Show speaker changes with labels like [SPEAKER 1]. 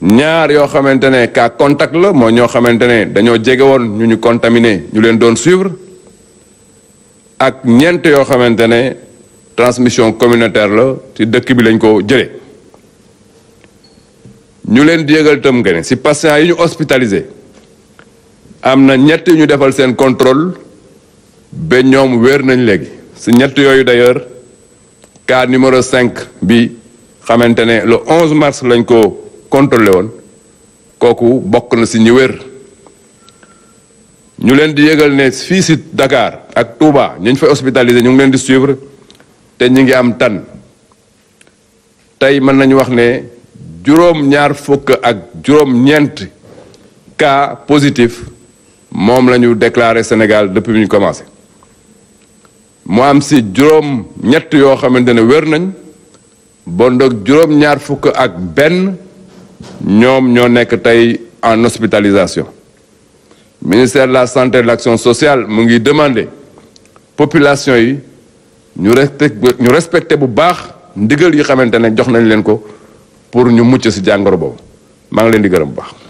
[SPEAKER 1] ñaar yo xamantene ka contact la mo ñoo xamantene dañoo jégué won ñu ñu contaminé ñu leen doon suivre ak ñeent yo xamantene transmission communautaire la ci dëkk bi lañ ko jëlé ñu leen diégal yëgal itam ci ne patients yi ñu hospitaliser amna ñett ñu défal sen contrôle be ñom wër nañ légui ci ñett yoyu d'ailleurs cas numéro 5 bi xamantene le 11 mars lañ ko. contrôlé woon koku bokk na si ñu wér ñu leen di yëgal ne fii si Dakar ak Touba ñu fay hospitalisé ñu ngi leen di suivre te ñu ngi am tan tey mën nañu wax ne juróom ñaar fukk ak juróom ñeent cas positif moom la ñu déclaré Sénégal depuis bi ñu commencé mu am si juróom ñett yoo xamante ne wér nañ bon donc juróom ñaar fukk ak benn ñoom ñoo nekk tey en hospitalisation ministère de la santé et de l'action sociale mu ngi demandé population yi ñu respecté ñu respecté bu baax ndigal yi xamantene jox nañ leen ko pour ñu mucc ci jangoro boobu ma ngi leen di gërëm baax.